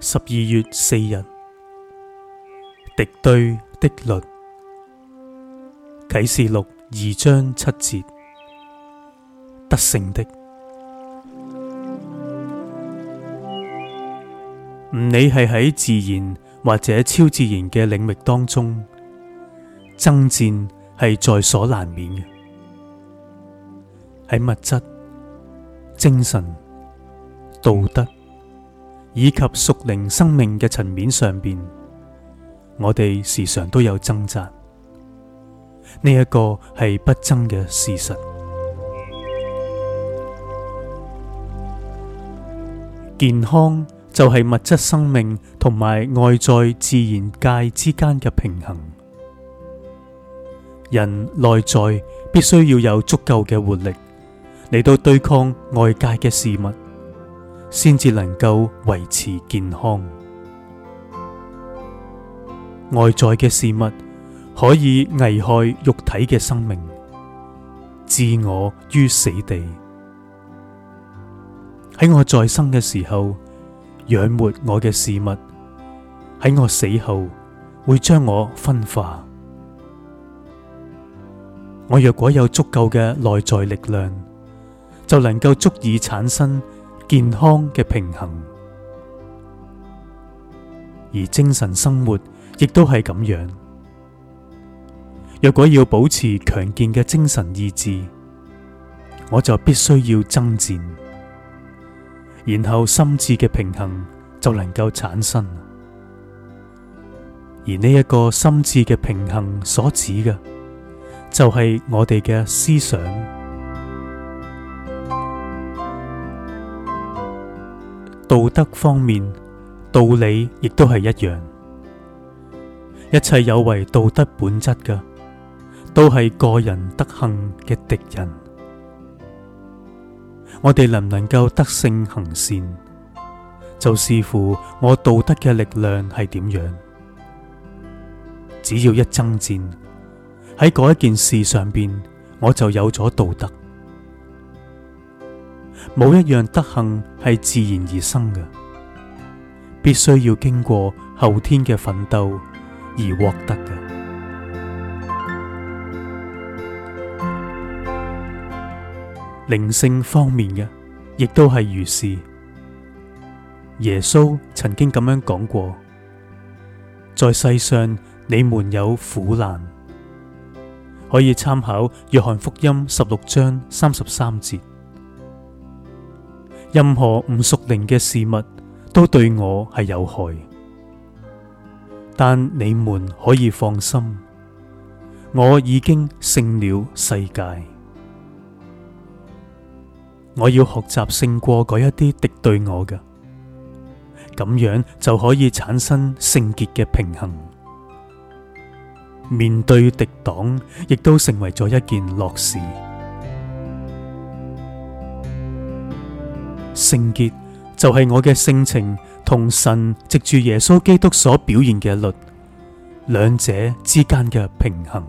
十二月四日，敵對的律，啟示錄二章七節，得勝的。唔理係喺自然或者超自然嘅領域當中，爭戰係在所難免嘅。喺物質、精神、道德，以及屬靈生命嘅層面上邊，我哋時常都有掙扎，呢一個係不爭嘅事實。健康就係物質生命同埋外在自然界之間嘅平衡。人內在必須要有足夠嘅活力嚟到對抗外界嘅事物。先至能夠維持健康。外在嘅事物可以危害肉體嘅生命，置我於死地。喺我在生嘅時候養活我嘅事物，喺我死後會將我分化。我若果有足夠嘅內在力量，就能夠足以產生。健康嘅平衡，而精神生活亦都係咁樣。若果要保持強健嘅精神意志，我就必須要爭戰，然後心智嘅平衡就能夠產生。而呢一個心智嘅平衡所指嘅，就係、是、我哋嘅思想。道德方面，道理亦都係一樣，一切有違道德本質嘅，都係個人德行嘅敵人。我哋能唔能夠得勝行善，就視乎我道德嘅力量係點樣。只要一爭戰喺嗰一件事上邊，我就有咗道德。冇一樣德行係自然而生嘅，必須要經過後天嘅奮鬥而獲得嘅。靈性方面嘅，亦都係如是。耶穌曾經咁樣講過：在世上你們有苦難，可以參考約翰福音十六章三十三節。任何唔熟靈嘅事物都對我係有害，但你們可以放心，我已經勝了世界。我要學習勝過嗰一啲敵對我嘅，咁樣就可以產生聖潔嘅平衡。面對敵黨，亦都成為咗一件樂事。聖潔就係我嘅性情同神藉住耶穌基督所表現嘅律，兩者之間嘅平衡。